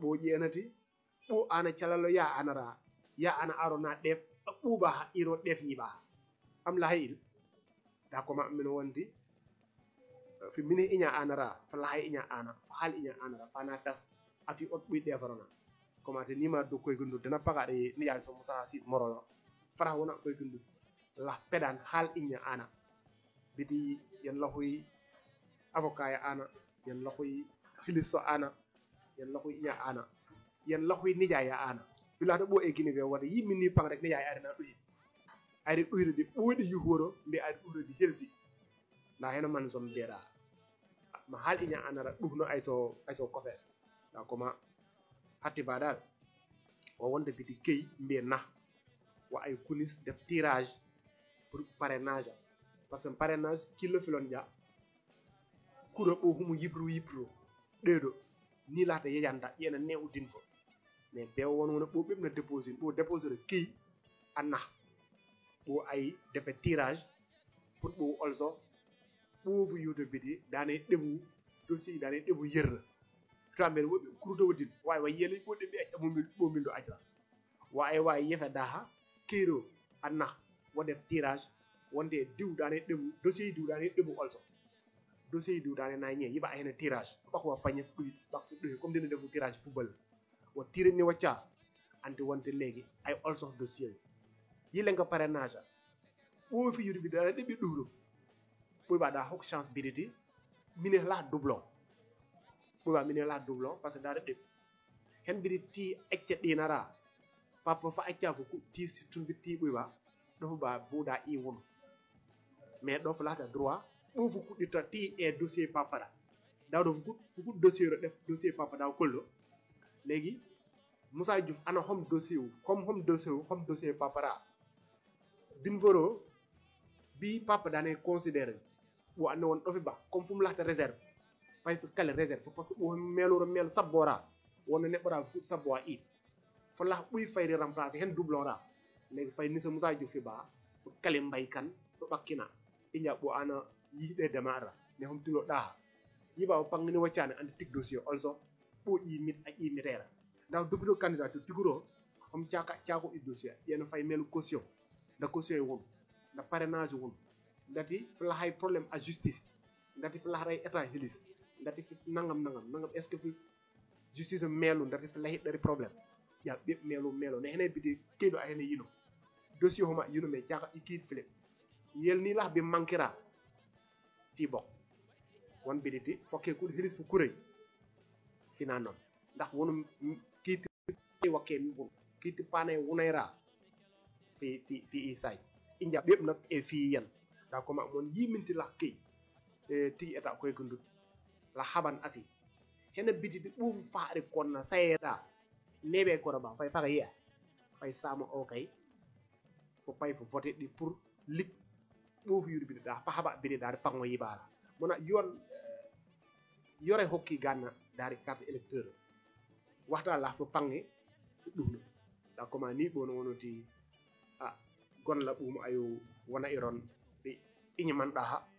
ɓo ƴeenati ɓo ana calalo ya anara ya ana arona ɗef ɓuɓaha iro ɗef yiɓaha am lahay il da koma mino wondi fi mini iña anara fa lahay iña ana fa haal iña anara fana tas afi ot ɓuy ɗefarona nima do koy gundu dana pagaɗe ni yaay so musa sis morono fara wona koy gundu la pedan haal iña ana biti yen lahoy avocat ya ana yen lahoy hiliso ana yan lahuy iya ana yan lahuy nijaya ana filato ɓo e guine we wata yimmini pan rek nijaya arina ɗoyi ari ɗoyre nde ɓooɗi yuhoro nde ari ɗoyre nde helsi na heno man som mbiyeɗa ma haal iña anara ɗufno ayso ayso kofeɗe da koma hatti baɗal o wonde biti keyi mbiye na wa ay kulis def tirage pour parrainage a par ce que parrainage killo filon ja kuro ɓo humo yibro yibro ɗeɗo nilaaɗo yeyanta ƴeena new dinko mais ɓewo won wona ɓo ɓeɓna déposé ɓo déposére keyi anna ɓo ayi defe tirage pour ɓo also ɓoobu youtube ɗi dane ɗeɓu dossier dane ɗeɓu yerna to mbeɗa woɓɓe kurutowodin wawi wa yiyele ɓo ɗe mbi acca momil ɓomil ɗo accata wa ay wawi yefe daha keyro anna wonde tirage wonde diw dane ɗeɓu dossier diw dane ɗeɓu also dossier diw daa naa ñee yiɓa hen tirage ɓakwa pañe ɗoy comme dene ndefu tirage football wo tirini wacca anti wonte leegi ay also a ɓoofi yurɓe ɗaɗa ɗeɓi ɗuɗum ɓoyɓa ɗa hok chance biditi mine la doublon ɓoyɓa mine la doublon par ce que ɗaɗa ɗeɓ hen acca ɗinara papa fa acca ko ti surtout fi ti ɓoyɓa ɗofuɓa buuɗa i wonu mais ɗo fo laata droit ɗo fo kuɗɗirta ti e dossier papara dawɗo fo kuɗ dossier o ɗef léegi moussa diouf ana xom dossier wu comme hom dossier u hom dossier papara bin foro bi papa dane considéré ɓo anne won ɗofi ba comme fum lahta réserve fay fo kala réserve par ce que ɓo meloro mel sabbora wonno neɗɗora fo kuɗ sabbo a iid fo lah ɓuy fayde remplacé hen doublora léegi fay nisa moussa diouf fi ba fo kale mbay kan ɗo ɓakkina i jaɓ ɓo ana yiɗede maɗa ne homtinoɗa ha yiɓama pangani waccani anda tig dossier also ɓoƴi min a ƴimitera ndaw duguɗo candidat to tiguro homo caka i dossier ƴeno fay mel caution nda caution e won nda parénage won ndati fala hay probléme a justice ndati fala haray état hélice ndati nangam nangam nangam est ce que justice meelu ndati fala heɗɗari probléme ya ɓeɓ meelo meelo ne hene bidi keyɗo a hene yino dossier homa yino mais caka i kiit file yel ni lah bi manquera bok wonɓiɗiti fokke kuɗo hirisɓe kuroy hina noon ndax wono kiiti wakke bon kiiti paana e wonayra fi fi fi isay i jaɓ ɓeɓ nak e fiyen da koma mon yiminti lakkey tigi eta koye ko e, ndut la haɓan ati hene bididi ɓuufu faari konna sayeda neɓe kono ma fay faka yiya fay sama o kay fo pay fo vote ɗi pour lik ɓofyurbinoɗa pahaba binoɗa pango yibara wona yon eh, yore hokki ganna dari carte électeur wahta ah, la fo pange fuɗɗumno da koma ni ɓono wonoti a gonla ɓuumo ayo wona e ron ɗe iñamanɗa